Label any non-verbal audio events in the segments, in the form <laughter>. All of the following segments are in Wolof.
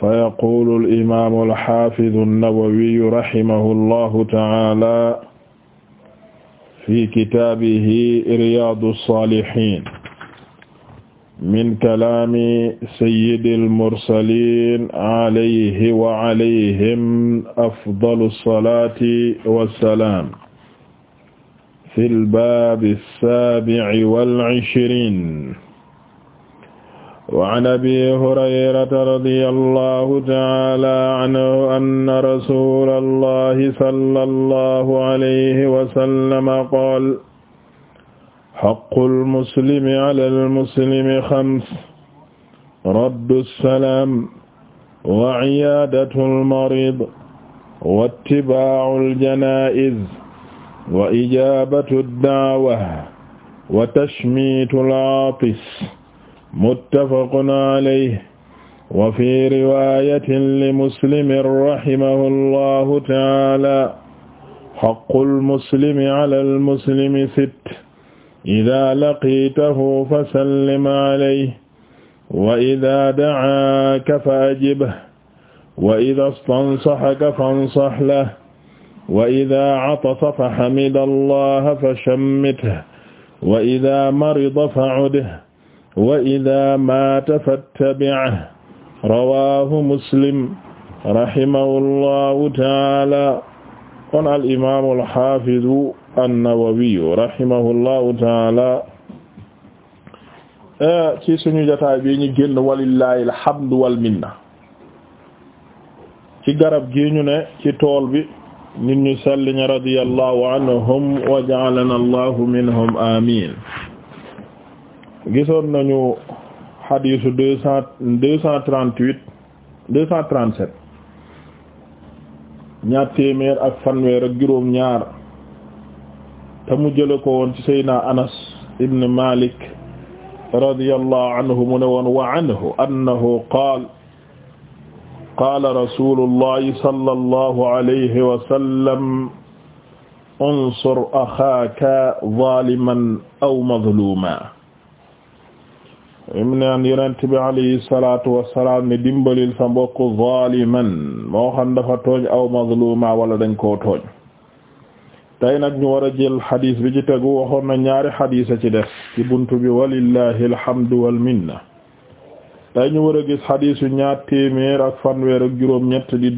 فيقول الإمام الحافظ النووي رحمه الله تعالى في كتابه رياض الصالحين من كلام سيد المرسلين عليه وعليهم أفضل الصلاة والسلام في الباب السابع والعشرين وعن أبي هريرة رضي الله تعالى عنه أن رسول الله صلى الله عليه وسلم قال حق المسلم على المسلم خمس رد السلام وعيادة المريض واتباع الجنائز وإجابة الدعوة وتشميت العاطس muttafaqun alayhi wa fi riwaayatin li muslimin rahimahu llahu taala haqqul muslimi alal muslimi sitt idaa laqiitahu fasallim alayhi wa idaa da'aaka fa ajibhu wa idaa istansahaka fansah lahu wa idaa atasa fa hamida allaha fa shammithu wa idaa marida fa'udhu wa idaa maata fattabi'hu rawaahu muslim rahimahullahu taala kon al imaamu al haafidu an-Nawawiyu rahimahullahu taala ci suñu jotaay bi ñu génn walillahi alhamdu wal minna ci garab gi ñu ne ci tool bi nit ñu sell ñi radiyallahu anhum wa ja'alana allahu minhum amiin gisoon nañu xadiisu deux cent deux cent trente huit deux cent trente sept ñaar téeméer ak fanweer ak juróom ñaar te mu jële ko woon ci Seydina Anas ibn Malik radiyallahu anhu mu ne woon wa anhu annahu qaal qaala rasulullahi sallallahu alayhi wa sallam unsur axaaka zaliman aw mazluma im naan yonent bi alayhi salaatu wassalaam ne dimbalil sa mbokk zaliman moo xam dafa tooñ aw mazluma wala dañ koo tooñ tey nag ñu war a jël xadis bi ji tegu waxoon na ñaari xadis a ci des ci buntu bi walillahi alhamdu wal minna tey ñu war a gis xadisu ñaar téeméer ak fanweer ak juróom ñett di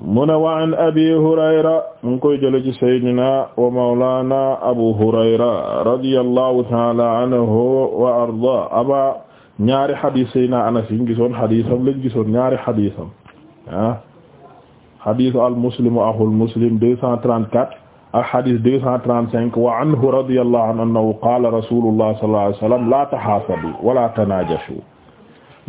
mu ne wa an abi hurayra mu ngi koy jële ci sayyidina wa mawlana abu hurayra radiyallahu taala anhu wa arda aba ñaari xadis sayyidina anas yi gisoon xadisam lañ gisoon ñaari xadisam ah xadisu al muslimu axul muslim 234 ak xadis 235 wa anhu radiyallahu anhu annahu qaala rasulullah sallallahu alayhi wa sallam la taxaasabu wala tanaajashu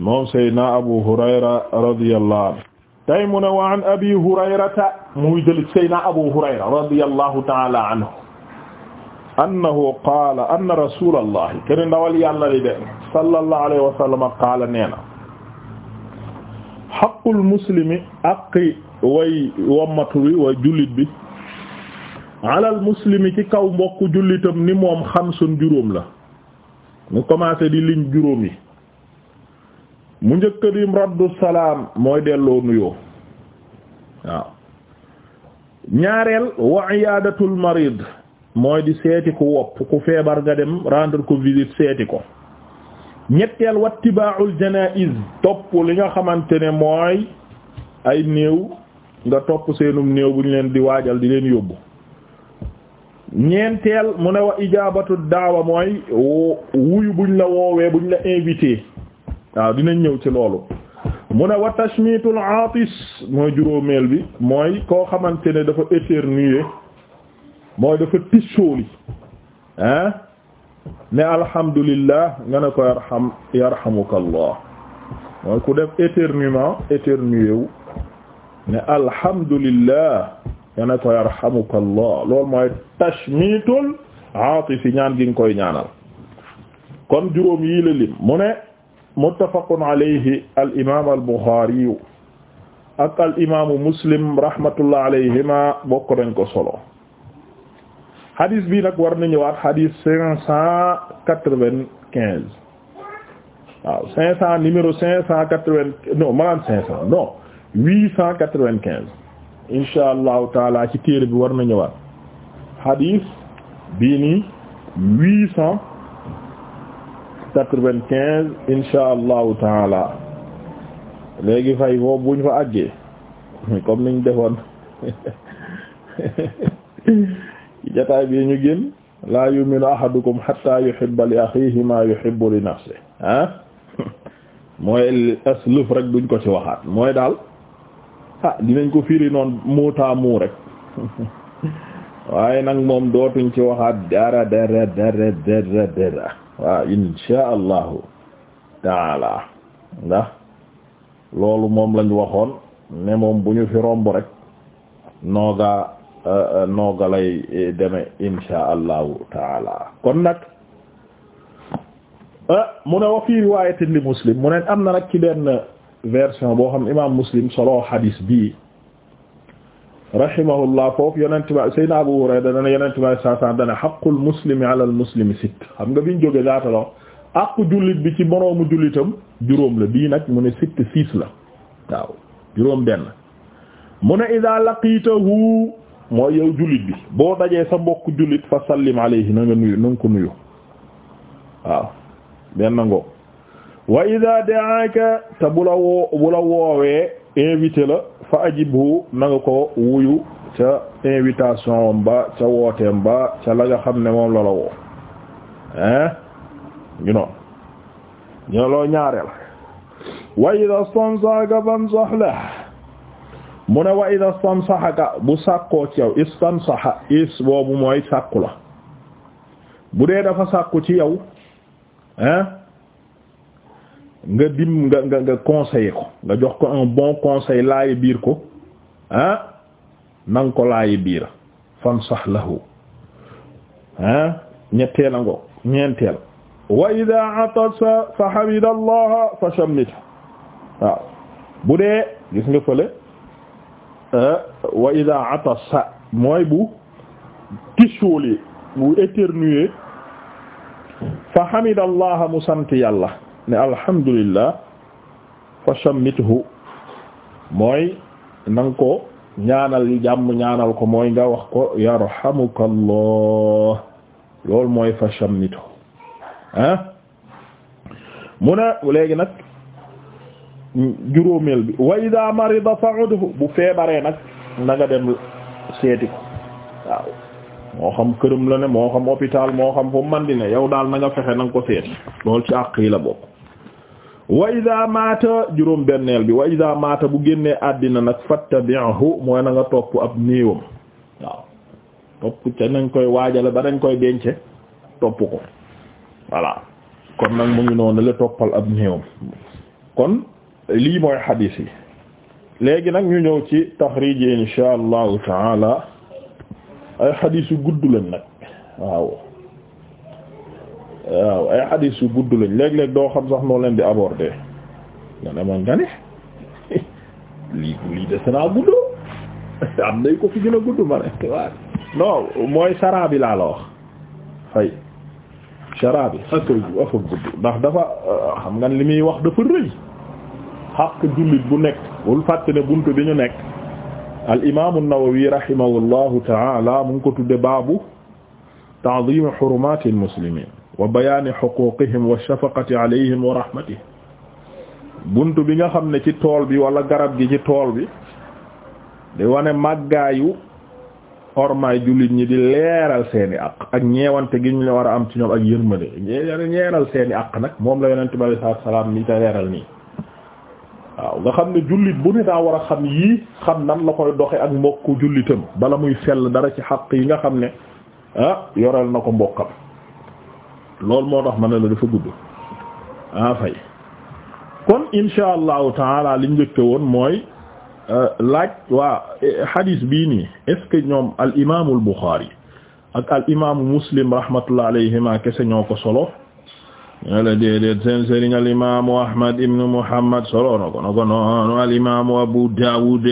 moom sayyidina abu hurayra radiyallahu anhu tey mu ne wa an abi hurayrata muy jël sayna abu hurayra radiyallahu ta'ala anhu annahu qaala anna rasulallahi ken ndawal yàlla li de sallallahu alayhi wa sallam qaala nee na aqi way wommatu bi way jullit bi alal muslimi ci kaw mbokk jullitam ni moom xamsun juróom la mu commencé di lim juróom yi mu njëkka dim raddu salaam mooy delloo nuyoo waaw ñaareel wa iyadatul marid mooy di seeti ku wopp ku feebar nga dem rendre ko visite seeti ko ñetteel wa wattibaa'ul janaiz topp li nga xamante ne mooy ay néew nga topp seenum néew bu ñu leen di waajal di leen yóbbu ñeenteel mu ne wa ijaabatu daawa mooy wuyu buñ la woowee buñ la invité waaw dinañ ñëw ci loolu mu ne wa tashmitul aatis mooy juróomeel bi mooy koo xamante ne dafa éternuer mooy dafa tissooli ah ne alhamdulillah nga ne ko yarham yarhamukallah mooy ku def éternuement éternuer wu ne alhamdulillah nga ne ko yarhamukallah loolu mooy tashmitul aatis yi ñaan gi koy ñaanal kon juróom yii la lim mu ne muttafaqun alayhi al imaam al buxaari ak al muslim rahmatullah alayhima bokk ko solo hadith bi nag war nañu ñëwaat hadith numéro cinq cent quatre huit cent quatre-vingt-quinze insha taala ci téere bi war na hadith bii quatre vint quinze insha allahu taala léegi fay foofu buñ fa àggee comme niñ defoon <laughs> jataay bi ñu génn laa yuminu ahadukum hatta yuhibba li akhihi ma yuhibbu li nafsihi ah <laughs> mooy aslëf rek duñ ko ci waxaat mooy daal ah dinañ ko firi noon muuta muu rek <laughs> waaye nag moom dootuñ ci waxaat dara dara dara dara insha allahu taala ndax loolu moom lañ waxoon ne moom bu ñu fi romb rek nooga euh, euh, nooga lay eh, deme insha allahu taala kon nag euh, mu ne wa fii riwaayatin li muslim mu ne am na nag ci benn version boo xam imam muslim solo xadiis bii rahimahullah foofu yonent ba Seydina Abu Hurayra dana yonent ba saa saa dana haqqul muslimi ala al muslimi sitt xam nga biñ jógee laata loo àqu jullit bi ci moroomu jullitam juróom la bii nag mu ne sitt six la waaw juróom benn mu ne idaa laqiitahu mooy yow jullit bi boo dajee sa mbokk jullit fa sallim alayhi na nga nuyu na nga ko nuyu waaw benn ngoo wa idaa da'aaka te bu la woo bu la woowee invité la fa ajibhu na ko wuyu ca invitation ba ca wooteem ba ca la nga xam ne moom la la woo hein ñu noonu ñoo loo ñaareel wa idha stansahaka fansah la mu ne wa idha stansahaka bu sàkkoo ci yow istansaha boobu mooy sàkku la bu dee dafa sàkku ci yow hein nga dim nga nga nga ko nga jox ko un bon conseil laayi biir ko ah nang ko laayi biira fan sax lahu ah ñetteel a ngo wa ida atasa fa hamida fa shammit waaw bu dee gis nga fële wa ida atasa mooy bu tisoolee bu éternuer fa hamida mu sant yàlla ne alhamdulillah fa shammithu mooy nang ko ñaanal yu jàmm ñaanal ko mooy nga wax ko yarhamukallah loolu mooy fa shammithu ah mu ne léegi nag juróomeel bi wa ida marida fa'udhu bu feebare nag na nga dem seeti ko waaw moo xam këram la ne moo xam hôpital moo xam fu mandi ne yow daal na fexe na nga ko seeti loolu ci àq yi bokk wa ida maata juróom benneel bi wa ida maata bu génnee àddina nag fattabi'hu mooy na topp ab néewam waaw topp ca nañ koy waajale ba nañ koy dence topp ko voilà kon nag mu ngi noonu la toppal ab néewam kon lii mooy xadiis yi léegi nag ñu ñëw ci taxrij insha allahu taala ay xadiis gudd lañ nag waaw waaw ay hadis yu gudd lañ léeg-léeg doo xam sax noo leen di aborder nga demoon nga ne <laughs> lii lii des naa gudd <laughs> am nay ko fi gudd ma ne mooy saraa bi laa la wax fay saraa bi gudd ndax dafa euh, xam nga li muy wax dafa rëy xaq jullit bu nekk bul fàtte ne bunt bi ñu nekk al imaamu Nawawi rahimahullahu taala mu ngi ko tudde baabu ta'ziim xurumaati al muslimiin wa bayaani xuquqihim wa shafaqati alayhim wa rahmatih bunt bi nga xam ne ci tool bi wala garab gi ci tool bi di wane màggaayu ormaay jullit ñi di leeral seeni àq ak ñeewante gi ñu war a am ci ñoom ak yërmande ñeeral seeni àq nag moom la yonent bi sallallahu alayhi wasallam ni ta leeral nii waaw nga xam ne jullit bu ne daa war a xam yii xam nan la koy doxe ak mbokk jullitam bala muy sell dara ci xaq yi nga xam ne ah yoral na ko mbokkam loolu moo tax ma ne la dafa gudd ah, kon insha allahu taala liñ njëkke woon mooy euh, laaj waa hadis eh, bii nii ñoom al imaamul Buxaari Muslim rahmatullah alayhima kese ñoo ko solo ñe la déedéet Abu Daawud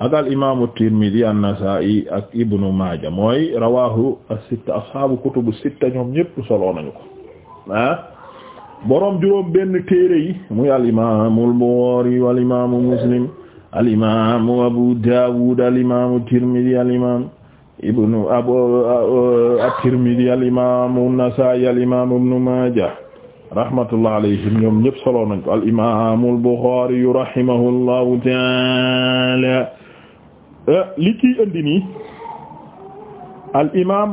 ak al imaamu Tirmidi an-Nasaa'i ak Ibnu Maaja mooy rawaahu as-sitta ashaabu kutubu sitta ñoom ñëpp solo nañu ko ah boroom juróom benn téere yi muy al imaamu al-Buxaari wal imaamu Muslim al imaamu Abu Daawuud al imaamu Tirmidi al imaamu Ibnu Abu at-Tirmidi uh, al imaamu an-Nasaa'i al imaamu Ibnu Maaja rahmatullah alayhim ñoom ñëpp solo nañ ko al imaamu al-Buxaari rahimahullahu ta'aala Euh, li kii indi nii al imaam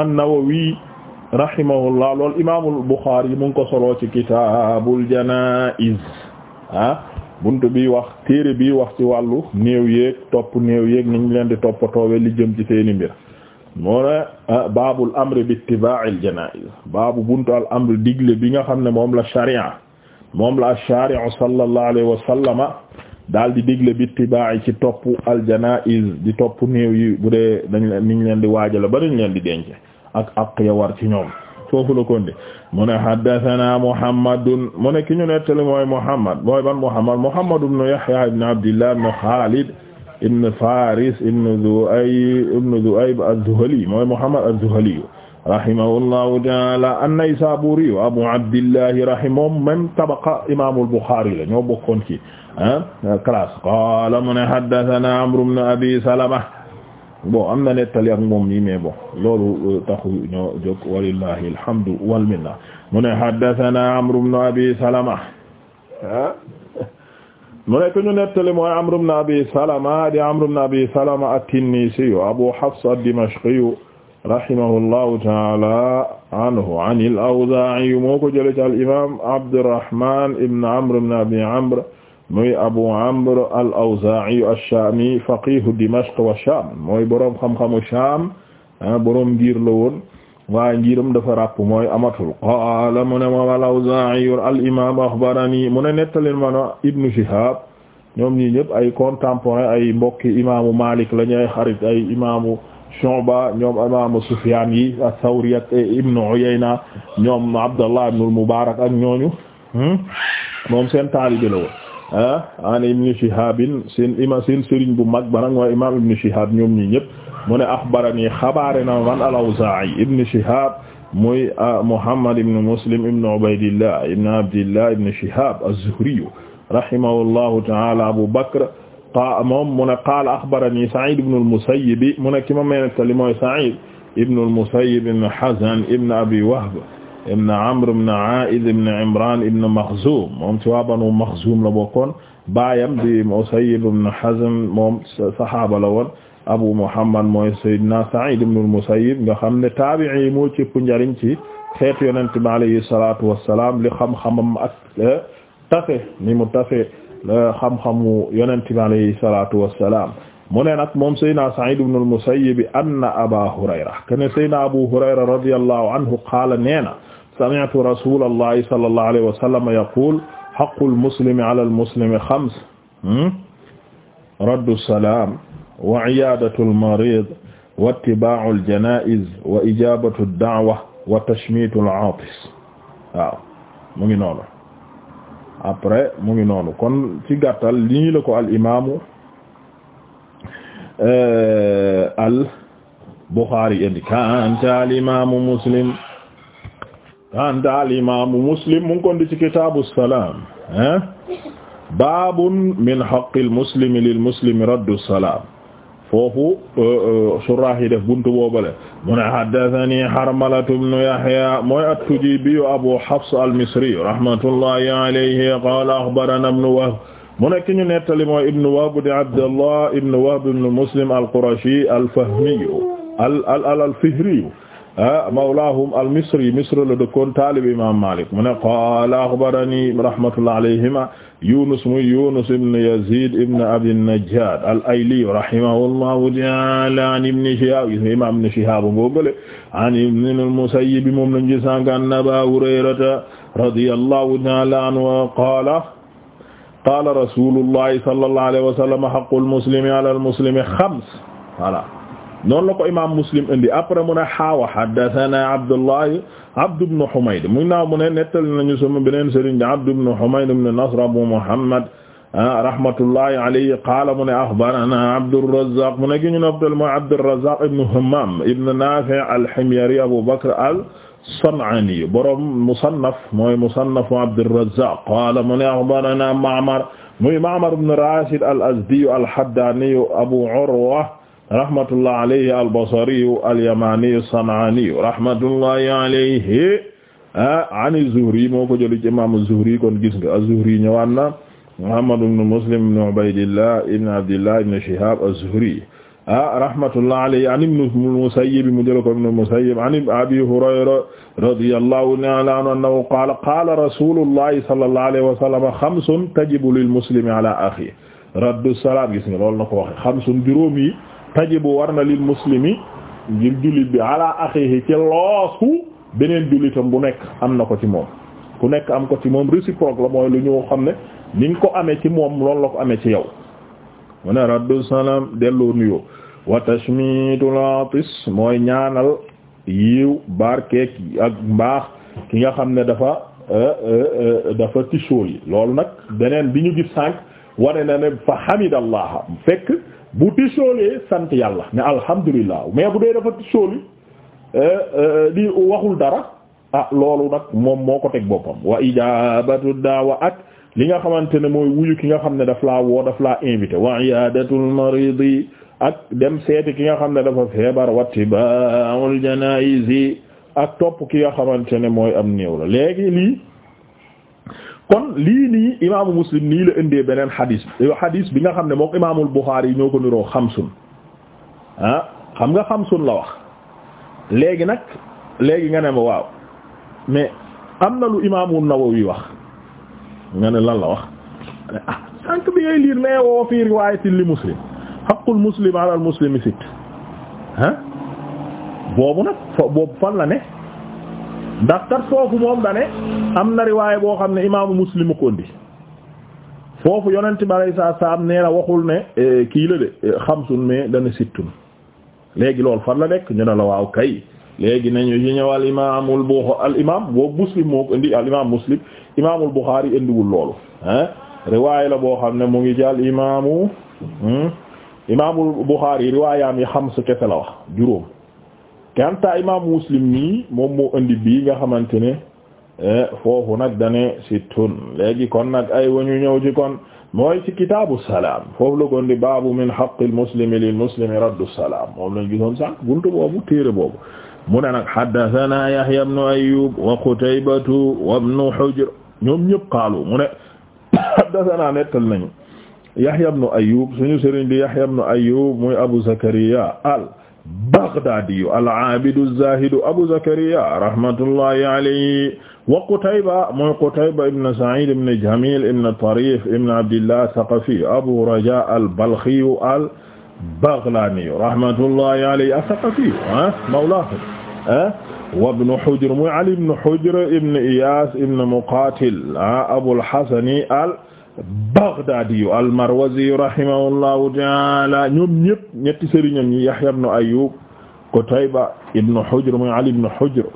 an-Nawawi rahimahullah lool imaamul Buxaari mu ko soloo ci kitaabul janaa'iz ah bunt bi wax téere bi wax ci wàllu néew yeeg topp néew yeeg ni ñu leen di toppatoowe li jëm ci seeni mbir moo ne ah, baabul amri bi ittibaa'il janaa'iz baabu buntu al amri digle bi nga xam ne moom la sharia moom la ash-shaari'u sallallahu alayhi wa daal di digle bi tibaa'i ci topp aljanaiz di topp néew yi bu dee dañ leen niñ leen di waajale ba leen di denc ak ak ya war ci ñoom foofu la konde mu ne haddathana muhammadun mu ne ki ñu nettali mooy muhammad mooy ban muhammad muhammad ibn yahya ibn abdillah ibn khalid ibn faris ibn zuay ibn zuayb az-zuhali mooy muhammad az-zuhali rahimahullahu taala an-Naysaburi wa Abu Abdillah rahimahu même tabaqa imaamul Bukhari la ñoo bokkoon ci ah classe. qaala mu ne haddathana Amru ibn Abi Salama bon am na nettali ak moom nii mais bon loolu euh, taxu ñoo jóg walillahi alhamdu wal minna mu ne haddathana Amru ibn Abi Salama ah <laughs> mu ne ku ñu nettali mooy Amru ibn Abi Salama di Amru ibn Abi Salama at-Tinnisi Abu Hafs ad-Dimashqi rahimahullahu taala anhu an al-Awzaa'i moo ko jëlee ci al-imaam Abdurrahmaan ibn Amr ibn Abi Amr muy Abu Amr al-Awzaa'i ash-Shaami faqiihu Dimashq wa Shaam mooy boroom xam-xamu Shaam ah, boroom ngir la woon waaye ngiram dafa ràpp mooy amatul qaala mu ne moom al-Awzaa'i al-imaam axbaranii mu ne nettali ma Ibn Shihaab ñoom ñii ñëpp ay contemporain ay mbokki imaamu Maalik lañu ay xarit ay imaamu Shu'ba ñoom imaamu Sufyaan yi as-Sawri ak Ibn Uyayna ñoom Abdallah ibn al-Mubaarak ak ñooñu hmm? moom seen taalibe la woon ah an Ibn Shihaab seen ima seen sëriñ bu mag ba nag mooy imaam Ibn Shihaab ñoom ñi ñëpp mu ne axbarani xabaare na man al-Awzaa'i Ibn Shihaab muy ah, Muhammad ibn Muslim ibn Ubaydillah ibn Abdillah ibn Shihaab az-Zuhri rahimahullahu ta'ala Abu Bakr qa moom mu ne qaala axbarani Saïd ibn al-Musayyib mu ne ki ma meentali mooy Saïd ibn al-Musayyib ibn Hazn ibn Abi Wahb ibn Amr ibn Aa'id ibn Imraan ibn Maxzuum moom ci waa Banu Maxzuum la bokkoon baayam di Musayyib ibn Hazn moom saxaaba la woon Abu Muhammad mooy Sayyidina Saïd ibn al-Musayyib nga xam ne taabi'i yi moo cëpp njariñ ci xeetu Yonent bi alayhi salaatu wa salaam li xam-xamam ak eh, tafe ni mu tafe xam-xamu yonente bi alayhi salatu wassalam mu ne nag moom saydna Sa'id ibn al-Musayyib anna Aba Hurayra kene saydna Abu Hurayra radiyallahu anhu qaala neena sami'tu rasulallahi sallallahu alayhi wa sallam yaqul haqqul muslimi ala al-muslimi khams hmm? raddu as-salam wa iyadatu al-marid wa ittiba'u al-jana'iz wa ijabatu ad-da'wa wa tashmitu al-'atis waaw mu ngi noonu après mu ngi noonu kon ci gàttal lii la ko al imaamu euh, al Bukhari indi al imaamu Muslim kanta al imaamu Muslim mu ngi kon di ci kitaabu salaam hein baabun salaam foofu euh, euh, surah yi def buntu boobale mu ne haddathani harmalatu ibnu yahya mooy at-tujibi abu hafs al-misri rahmatullahi alayhi qala akhbarana ibnu wahb mu nekk ñu nettali mooy ibnu wahb di abdullah ibnu wahb ibnu muslim al-qurashi al-fahmi al al al-fihri Ah, mawlaahum al-Misri Misr la dëkkoon taalib imaam Maalik mu ne qaala axbaranii rahmatullahi alayhimaa Yuunus muy Yuunus ibn Yaziid ibn Abi Najjaad al-Ayli rahimahullaahu ta'aalaa an Ibn Shihaab imaam Ibn Shihaab boobale an Ibn al-Musayyib moom lañ ci sànq an Abaa Hurayrata radiyallaahu ta'aalaa anhu qaala qaala rasuulullaahi sallallaahu alayhi wa sallam haqqul muslimi alal muslimi xams voilà noonu la ko imaam Muslim indi après mu ne xaawa haddathana Abdullah Abd ibn Humayd mu naaw mu ne nettali nañu sama beneen sëriñ di Abd ibn Humayd ibn Nasr Abu Muhammad ah, rahmatullahi alayhi qaala mu ne axbarana Abdurrazzaq mu ne gi ñu noptal mooy Abdurrazzaq ibn Hammam ibn Nafi' al-Himyari Abu Bakr al-San'ani borom Musannaf mooy Musannafu Abdurrazzaq qaala mu ne axbarana Ma'mar muy Ma'mar ibn Rashid al-Azdi al-Haddani Abu Urwa rahmatullah alayhi albasariyu alyamaniyu sananiyu rahmatullahi alayhi ah, an az-Zuhri moo ko jëli ci imam az-Zuhri kon gis nga az-Zuhri ñëwaan na Muhammad ibn Muslim ibn Ubaydillah ibn Abdillah ibn Shihab az-Zuhri ah, rahmatullah alayhi an ibn al-Musayyib mu jëli ko ibn al-Musayyib an Abi Hurayra radiyallahu ta'ala anhu annahu qala qala rasulullahi sallallahu alayhi wa sallam xamsun tajibu lil muslimi ala akhihi raddu salam gis nga loolu na ko waxe xamsun juróom yi tajibu war na lil muslimi ngir jullit bi ala axihi ci loosu beneen jullitam bu nekk am na ko ci moom ku nekk am ko ci moom réciproque la mooy lu ñu xam ne ni ko amee ci moom lool la ko amee ci yow mu ne raddu salaam delloo nuyoo wa tashmiitul atis mooy ñaanal yiw barkeek ak mbaax ki nga xam ne dafa eh, eh, eh, dafa tisóol yi loolu nag beneen bi ñu gis sànq wane na ne fa hamidallah fekk bu tisoolee sant yàlla ne alhamdulillah mais bu dee dafa tisooli euh, euh, di waxul dara ah loolu nag moom moo ko teg boppam wa ijabatu daawa ak li nga xamante ne mooy wuyu ki nga xam ne daf laa woo daf laa invité wa iyadatul maridi ak dem seeti ki nga xam ne dafa feebar wattiba'ul janaizi ak topp ki nga xamante ne mooy am néew la léegi lii kon lii nii imaamu muslim nii la indee beneen xadis bi xadis bi nga xam ne moom imaamul buxaari yi ñoo ko niroo xam ah xam nga xamsun la wax léegi nag léegi nga ne ma waaw mais am na lu imaamu nawawi wax nga ne lan la wax ah sànq bi ngay liir nee woo fii riwaayatin li muslim xaqul muslim ala al muslimi sitt ah, boobu nag fo boobu fan la ne. ndax kat foofu moom dane am na riwaay boo xam ne imaamu muslim ko indi foofu yonent bi alayhi salaatu salaam nee waxul ne eh, kii la xam eh, xamsun mais dana sittun léegi loolu fan la nekk ñu ne la waaw kay léegi nañu ci ñëw al imaamul Buxaari al imaam boobu muslim moo ko indi al imaam muslim imaamul Buxaari indiwul loolu ah riwaay la boo xam ne mu ngi ci al imaamu hmm? imaamul Buxaari riwaayaam yi xam su kese la wax juróom. kanta imam muslim nii moom moo indi bii nga xamante ne eh, foofu nag dane sittun léegi kon nag ay wañu ñëw ci kon mooy ci kitaabu salaam foofu la kon di baabu min haqqil muslimi lil muslimi raddu salaam moom lañ gisoon sànq buntu boobu téere boobu mu ne nag haddathana yahya ibnu ayyub wa qutaybatu wa ibnu hujr ñoom ñëpp qaalu mu ne <coughs> haddathana nettal nañu yahya ibnu ayyub suñu sëriñ bi yahya ibnu ayyub muy abu zakariya al al-Baghdaadiyu al-aabidu az-zaahidu Abu Zakariya rahmatullahi alayhi wa Qutayba mooy Qutayba ibn Sa'iid ibn Jamiil ibn Tariif ibn Abdillah Saqafi Abu Rajaa al-Balkhiyu al-Baghlaaniyu rahmatullahi alayhi as-Saqafiyu ah, mawlaahum wa ibn Hujr mooy Ali ibn Hujr ibn Iyaas ibn Muqaatil Abul ah, Hasani Baghdaadiyu al-Marwaziyu rahimahullahu ta'aala ñoom ñëpp ñetti sëriñam ñi Yahya ibn Ayyub Qutayba ibn Hujr muy Ali ibn Hujr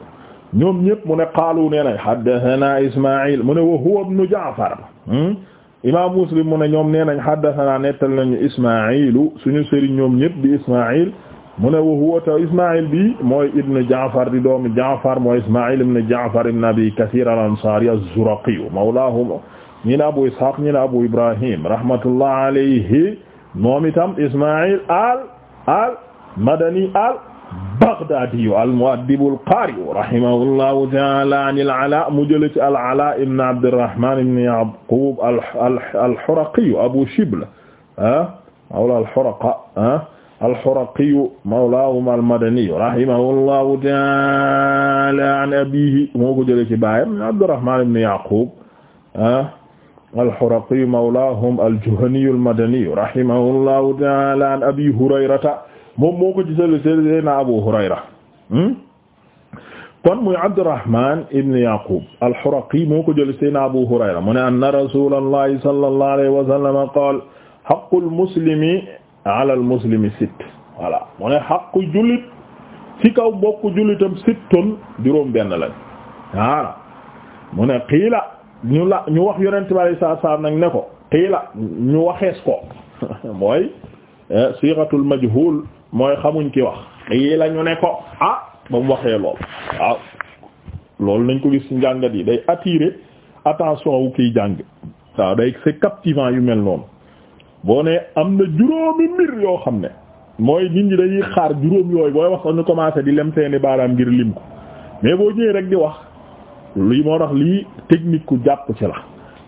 ñoom ñëpp mu ne qaalu nee nañ haddathana Ismaïl mu ne wa huwa ibn Ja'far hmm? imaam Muslim mu ne ñoom nee nañ haddathana nettal nañu Ismaïl suñu sëriñ ñoom ñëpp di Ismaïl mu ne wa huwa ta Ismaïl bi mooy ibn Ja'far di doomi Ja'far mooy Ismaïl ibn Ja'far ibn Abi Kathir al-Ansari az-Zuraqi mawlaahum ñi ne Abu Ishaq ñi ne Abu Ibrahim rahmatullah alayhi moom itam Ismaïl al al madani al al-Baghdaadiyu al-mu'addibu al-qaari'u rahimahullahu ta'aala an al-Alaa mu jëlee ci al-Alaa ibn Abdirrahmaan ibn Ya'quub al-Huraqiyu Abu Shibl mawlaa al-Huraqa al-Huraqiyu mawlaahum al-Madaniyu rahimahullahu ta'aala an abiihi moo ko jëlee ci baayam Abdirrahmaan ibn Ya'quub al-Huraqiyu mawlaahum al-Juhaniyu al-Madaniyu rahimahullahu ta'aala an Abii Hurayrata moom moo ko gisal Seydina Abu Hurayra hmm? kon muy Abdurrahman ibn Yaqub al-Huraqi moo ko jël Seydina Abu Hurayra mu ne anna rasulallahi sallallahu alayhi wa sallam qaala haqqul muslimi alal muslimi sitt voilà mu ne xaqu jullit ci kaw bokku jullitam sittun juróom benn lañ waala mu ne qiila ñu la ñu wax yonent bi alayhi salaatu salaam nag ne ko qiila ñu waxees ko <laughs> mooy eh, siixatul majhuul mooy xamuñ ki wax yi lañu ne ko ah ba mu waxee lool waaw loolu nañ ko gis ci njàngat yi day attirer attention wu kiy jàng waaw day c'est captivant yu mel noonu boo ne am na juróomi mbir yoo xam ne mooy nit ñi dañuy xaar juróom yooyu booy wax ñu commencé di lem seeni baaraam ngir lim ko mais boo ñëwee rek di wax lii moo tax lii technique ku jàpp ci la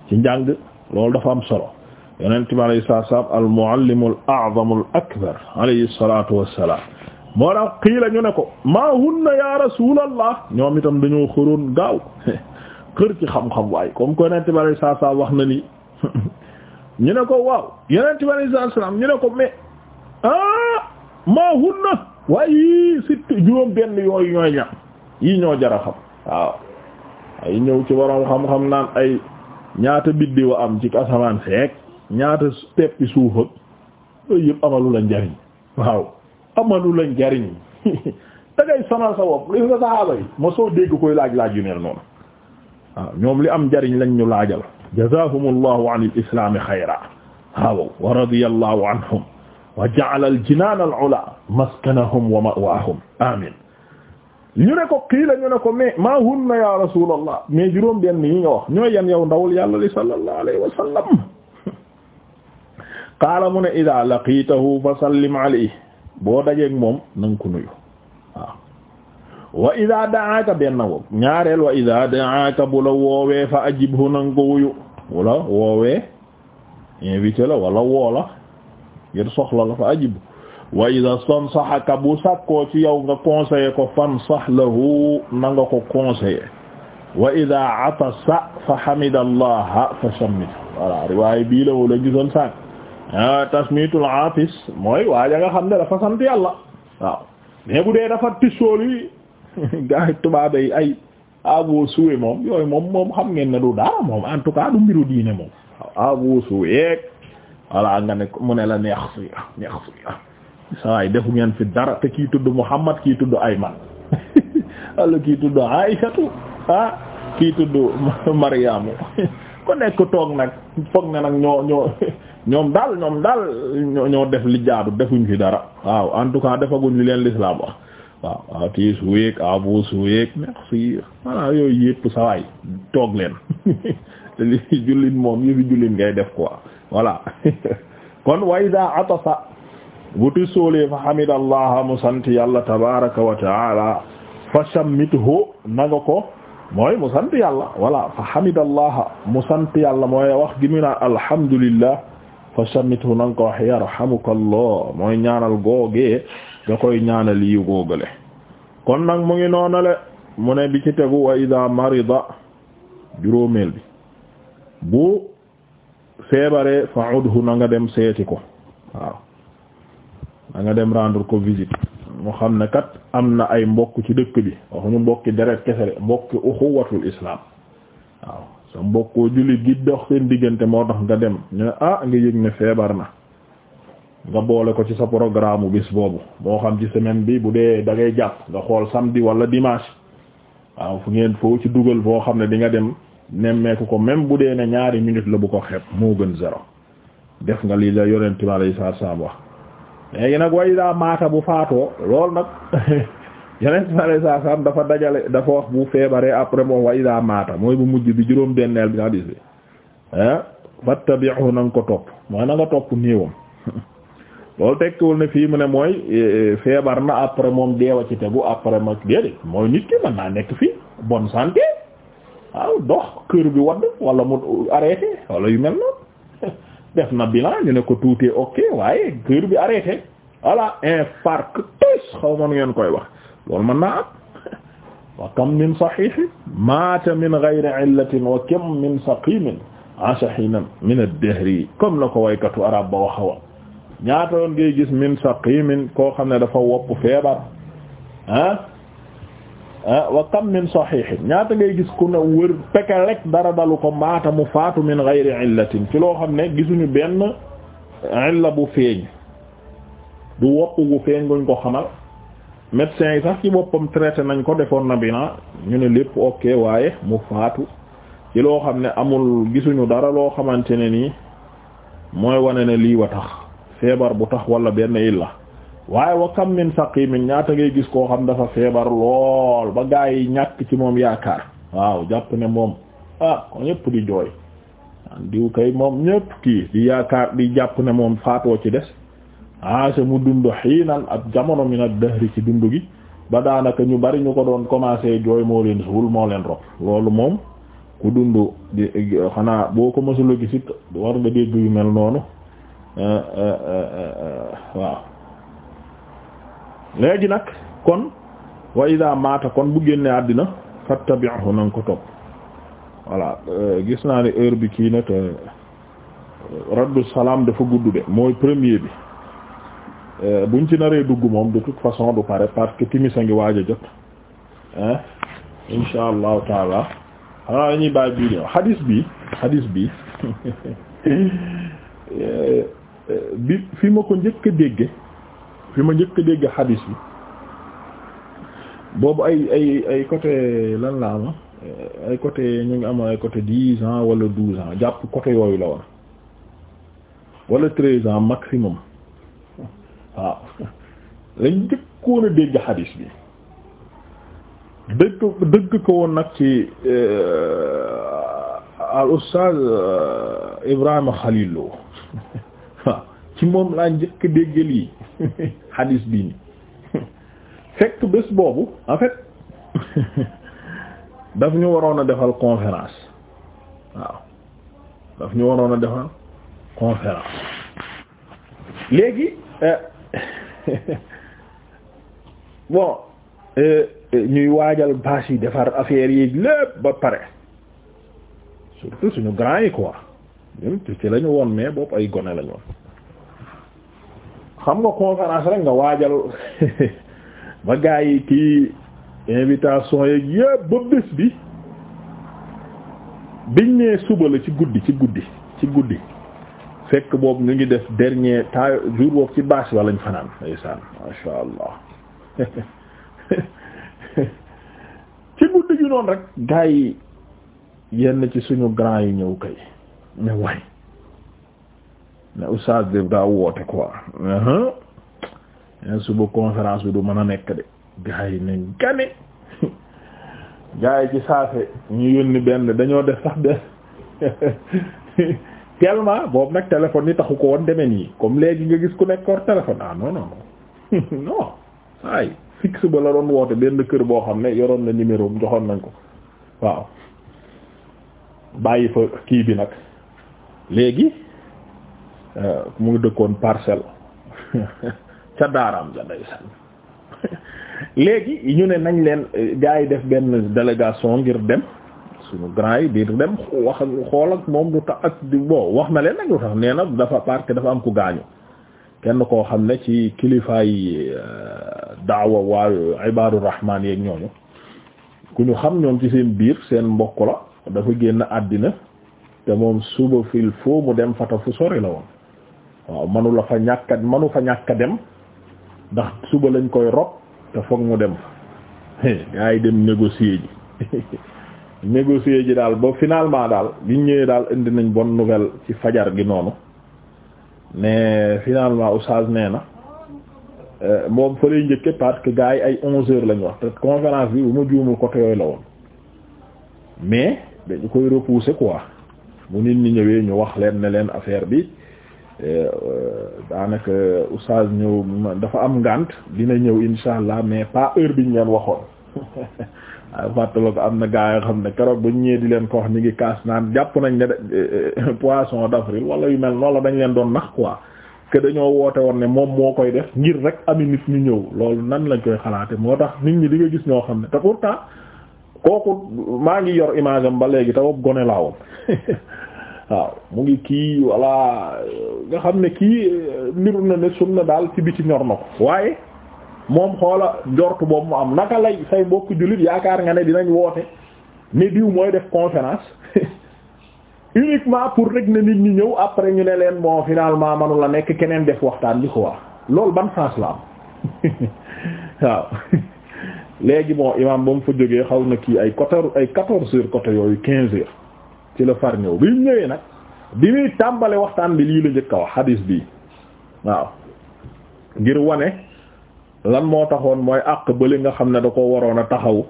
ci njàng loolu dafa am solo yonent bi alayhi salaatu wa salaam al-muallimu al-a'zamu al-akbar moo tax qiila ñu ne ko maa hunna ya rasuulallah ñoom itam dañoo xëroon gaaw <laughs> xër ci xam-xam waaye comme que yonent bi alayhi salaam wax na lii <laughs> ñu ne ko waaw yonent bi alayhi salaam ñu ne ko mais ah maa hunna waaye surtout juróom benn ñooy ña yi ñoo jara xam waaw ay ñëw ci boroom xam-xam naan ay ñaata biddi wa am ci asamaan seek ñaata teppi suuf ak yooyu yëpp amalu la njariñ waaw amalu la njariñ <laughs> da ngay sonal sa bopp li nga saxaaba yi ma soo dégg koy laaj laaj yu mel noonu waaw ñoom li am njariñ lañ ñu laajal jazahumullahu an al-islaami xayra waaw wa radiyallahu anhum wa ja'ala al-jinaan al-'ulaa maskanahum wa ma'waahum amiin ñu ne ko qiila ñu ne ko mais maa hunna ya rasuulallah mais juróom benn yi nga wax ñooy yan yow ndawul yàlla li sallallahu alayhi wa sallam qaala mu ne idaa laqiitahu fa sallim alayhi boo dajeek moom nanga ko nuyu waaw wa idaa da'aaka benn woog ñaareel wa idaa da'aaka bu la woowee fa ajibhu nanga ko wuyu bu la woowee invité la wala woola ngir soxla la fa ajib wa idaa stansaxaka bu sàkkoo ci yow nga conseiller ko fansax lahu nanga ko conseiller wa idaa atasa fa hamidallaha fa shammit voilà riwaay bii la wala gisoon sànk tasmiitul aafis mooy waaja nga xam ne dafa sant yàlla waaw mais bu dee dafa tisool yi <laughs> gaa yi tubaaba ay avo suwe moom yooyu moom moom xam ngeen ne du dara moom en tout cas du mbiru diine moom waaw avo suwe yeeg voilà nga ne mu ne la neex suy ah neex suy ah defu ngeen fi dara te kii tudd Muhammad kii tudd Ayman <laughs> walla kii tudd Aïshatu ah kii tudd Maryamu <laughs> ko nekk toog nag foog na nag ñoo ñoo <laughs> ñoom daal ñoom daal ñoo def li jaadu defuñ fi dara waaw en tout cas defaguñ li leen l'islam wax waaw waaw tii su weeg ah boo su weeg merci voilà yooyu yëpp sawaay toog leen <laughs> li jullit moom yëfi jullit ngay def quoi voilà <laughs> kon wa iza atasa bu ti soolee fa hamidallah mu sant yàlla tabaraka wa taala fa sammithu naga ko mooy mu sant yàlla wala fa hamidallaha mu sant yàlla mooy wax gi mu naan alhamdulillah fa sammithu na nga ko wax yarhamukallah mooy ñaanal googee nga koy ñaanal yi googale kon nag mu ngi noonale mu ne bi ci tegu wa ida marida juróomeel bi bu feebaree fa udhu na nga dem seeti ko waaw nga dem rendre ko visite mu xam ne kat am na ay mbokk ci dëkk bi waxuñu mbokki deret kesere mbokki uxuwatul islam waaw sa mbokkoo jullit gi dox seen diggante moo tax nga dem ñu ne ah ngi yëg ne feebar na nga boole ko ci sa programme bis boobu moo xam ci semaine bi bu dee dangay ngay jàpp nga xool samedi wala dimanche waaw fu ngeen foo ci dugal boo xam ne di nga dem nemmeeku ko même bu dee ne ñaari minutes la bu ko xeeb moo gën zéro def nga lii la yonent bi alayhi salaam wax léegi nag way maata bu faatoo loolu nag <laughs> yeneen sallallahu alayhi wasallam dafa dajale dafa wax bu feebaree après moom way maata mooy bu mujj bi juróom benneel bi hadis bi ah fattabi'hu na nga ko topp mooy na nga topp néewam <laughs> loolu tekkiwul ne fii mu ne mooy e, e, feebar na après moom deewa ci tegu après ma déedéet mooy nit ki mën naa nekk fii bonne santé waaw dox kër bi wadd wala mu arrêté wala yu mel noonu <laughs> def na bilan ko tuutee ok waaye cœur bi arrêté voilà infarctus xaw ma nu ngeen koy wax loolu mën naa am <laughs> wa kam min sahihin mata min ghayri illatin wa min saqimin min ad-dahri comme la waykatu arab ba ñaata yoon ngay gis min saqimin koo xam ne dafa feebar ah Ah, wa kam min sahihin ñaata ngay gis ku ne wër peke rek dara dalu ko maata mu faatu min ghayri illatin ci loo xam ne gisuñu benn illa bu feeñ du wopp gu feeñ guñ ko xamal médecin yi sax ci boppam traité nañ ko defoon na bina ñu ne lépp ok waaye mu faatu ci loo xam ne amul gisuñu dara loo xamante ne nii mooy wane ne lii tax feebar bu tax wala benn illa waaye wa kam min saqimin ñaata ngay gis koo xam dafa feebar lool ba gaa yi ñàkk ci moom yaakaar waaw jàpp ne moom ah ko ñëpp di jooy diw kay moom ñëpp kii di yaakaar di jàpp ne moom faatoo ci des aasa ah, mu dund xiinan ab jamono mi nag dëhri ci dund gi ba daanaka ñu bari ñu ko doon commencé jooy moo leen suul moo leen rob loolu moom ku dund di xanaa boo ko mësula gisi war nga dégg yu mel noonu eh, eh, eh, waaw léegi nag kon wa ida maata kon bu génne àddina fattabi'hu na nga ko topp voilà euh, gis naa ne heure bi kii na te euh, raddu salaam dafa gudd de mooy premier bi euh, buñ ci naree dugg moom de toute façon du pare parce que timis a ngi waaj a jot hein insha allahu taala xanaa dañuy bàyyi bii di xadis bi xadis bi <laughs> bi fi ma ko njëkk a dégge bi ma njëkk dégg xadiis bi boobu ay ay ay côté lan la ama ay côté ñu ngi amoon côté dix ans wala douze ans jàpp côté yooyu la woon wala treize ans maximum waaw lañ njëkkoon a dégg xadiis bi dëgg dëgg ko woon nag ci euh, al ustaz euh, Ibrahima Khalil Lo <laughs> waaw ci moom laa njëkk a dégg <laughs> xadiis bii ni fekk bés boobu en fait <laughs> daf ñu waroon a defal conference waaw daf ñu waroon a defal conférence léegi euh, <laughs> bon euh, euh, ñuy waajal bâche yi defar affaire yi lépp ba pare surtout suñu grand yi quoi ci la ñu woon mais bopp ay gone la xam nga conférence rek nga waajal <laughs> ba gaa yi kii invitation yeeg yëpp ba bés bi biñ nee suba la ci guddi ci guddi ci guddi fekk boobu ñu ngi def dernier ta jour boobu ci bâche ba lañ fanaan ndeysaan masha allah <laughs> ci guddi gi noonu rek gaa yi yenn ci suñu grand yi ñëw kay ne way ne oustaz de daa woote quoi en uh-huh. suba conférence bi du mën a nekk de gars yi ne gane <laughs> gars yi ci saase ñu yónni benn dañoo def sax de <laughs> tellement boobu nag téléphone yi taxu ko woon deme nii comme léegi nga gis ku nekk war téléphone ah non non non <laughs> non ba la doon woote benn kër boo xam ne yoroon na numéro am joxoon nañ ko waaw bàyyi fa kii bi nag léegi Euh, mu ngi dëkkoon parcelle <laughs> ca daaraam ja ndeysaan <laughs> léegi ñu ne nañ leen euh, gars yi def benn délégation ngir dem suñu grand yi biir dem wax xool ak moom du tax ak bon wax na leen nag lu tax nee na dafa parce dafa am ku gaañu kenn koo xam ne ci kilifaay euh, daawa waayu ibaadu rahmaan yeeg ñooñu ku ñu xam ñoom ci seen biir seen mbokk la dafa génn àddina te moom suba fil foo mu dem fata fu sori la woon waaw manu la fa ñàkka manu fa ñàkka dem ndax suba lañ koy rob te foog mu dem fa <laughs> gaa yi dem négocier ji <laughs> négocier ji daal ba finalement daal biñ ñëwee daal indi nañ bon nouvelle ci fajar gi noonu mais finalement au oustaz nee na euh, moom fa lay njëkke parce que gars yi ay onze heures lañ wax te conférence bi bu ma juumul côté yooyu la woon mais dañu koy repousser quoi mu nit ñi ñëwee ñu wax leen ne leen affaire bi Euh, daanaka oustaz ñëw dafa am ngànt dina ñëw insha allah mais pas heure ñu leen waxoon <laughs> waaye fàttala ko am na gaa yoo xam ne keroog buñ ñëwee di leen ko wax ñu ngi kaas naan jàpp nañ ne de euh, euh, poisson d'avril wala yu mel noonu dañ leen doon nax quoi que dañoo woote woon ne moom moo koy def ngir rek ami nit ñu ñëw loolu nan lañ koy xalaate moo tax nit ñi di nga gis ñoo xam ne te pourtant kooku maa ngi yor image am ba léegi te boobu gone laa woon <laughs> waaw mu ngi kii walla nga xam ne kii euh, niru na ne sunna daal ci biti ñor na ko waaye moom xoola njortu boobu mu am naka lay say mbokk jullit yaakaar nga ne dinañ woote ne diw mooy def conférence <laughs> uniquement pour rek na nit ñi ñëw après ñu ne leen bon finalement manu la nekk keneen def waxtaan bi waa loolu ban sens la am <laughs> waaw <laughs> léegi moo imam ba mu fa jógee xaw na kii ay quatorze ay quatorze heures côté yooyu quinze heures ci la far ñëw bi mu ñëwee nag bi muy tàmbale waxtaan bi lii la njëkk wax xadiis bii waaw ngir wane lan moo taxoon mooy àq ba li nga xam ne da ko waroon a taxaw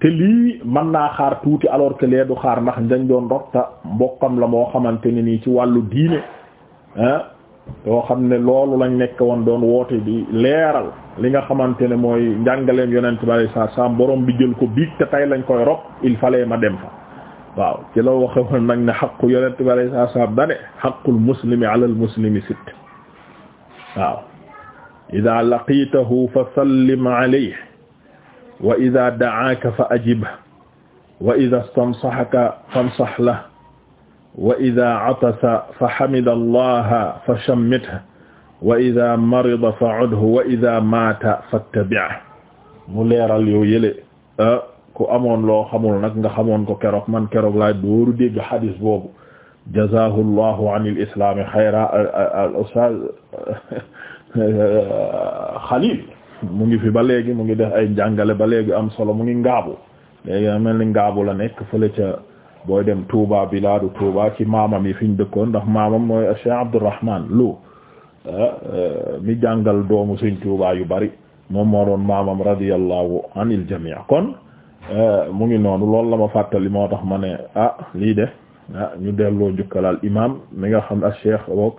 te lii man naa xaar tuuti alors que lee du xaar ndax dañ doon rotta mbokkam la moo xamante ne nii ci wàllu diine ah yoo xam ne loolu lañ nekk woon doon woote bi leeral li nga xamante ne mooy njàngaleem yonent bi sallallahu alayhi wasallam borom bi jël ko biig te tey lañ koy rob il fallait ma dem fa waaw ci la waxe woon nag ne xaqu yonent bi alayhi salaam dane xaqul muslimi ala al muslimi sitt waaw ida laqitahu fa sallim alayhi wa ida da'aaka fa ajibhu wa ida istansahaka fansax lahu wa ida atasa fa hamida allaha fa shammithu wa ida marida fa udhu wa ida maata fattabi'hu mu leeral yow yële ah, ku amoon loo xamul nag nga xamoon ko keroog man keroog laay dooru dégg xadis boobu jazahu llahu an il islami xayra al ustaz xalil mu ngi fi ba léegi mu ngi def ay njàngale ba léegi am solo mu ngi ngaabu léegi mel ni ngaabu la nekk fële ca booy dem Touba biladu Touba ci maamam yi fi ñu dëkkoon ndax maamam mooy Cheikh Abdourahman lu eh, mi jàngal doomu Sëriñ Touba yu bari moom moo doon maamam radiyallahu anil jami' Euh, mu ngi noonu loolu la ma fàttali moo tax ma ne ah lii de ah, ñu delloo jukkalaal imam mi nga xam ne Cheikh boog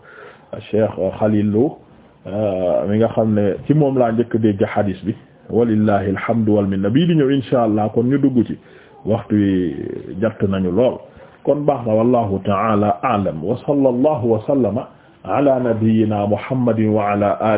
euh, euh, nga xam ne ci moom laa njëkk dégg hadis bi walillahi alhamdu wal minna bii di ñëw insha allah kon ñu dugg ci waxtu yi jatt nañu lool kon baax na wallahu ta'ala a'lam wa sallallahu wa sallama ala nabiyyina muhammadin wa ala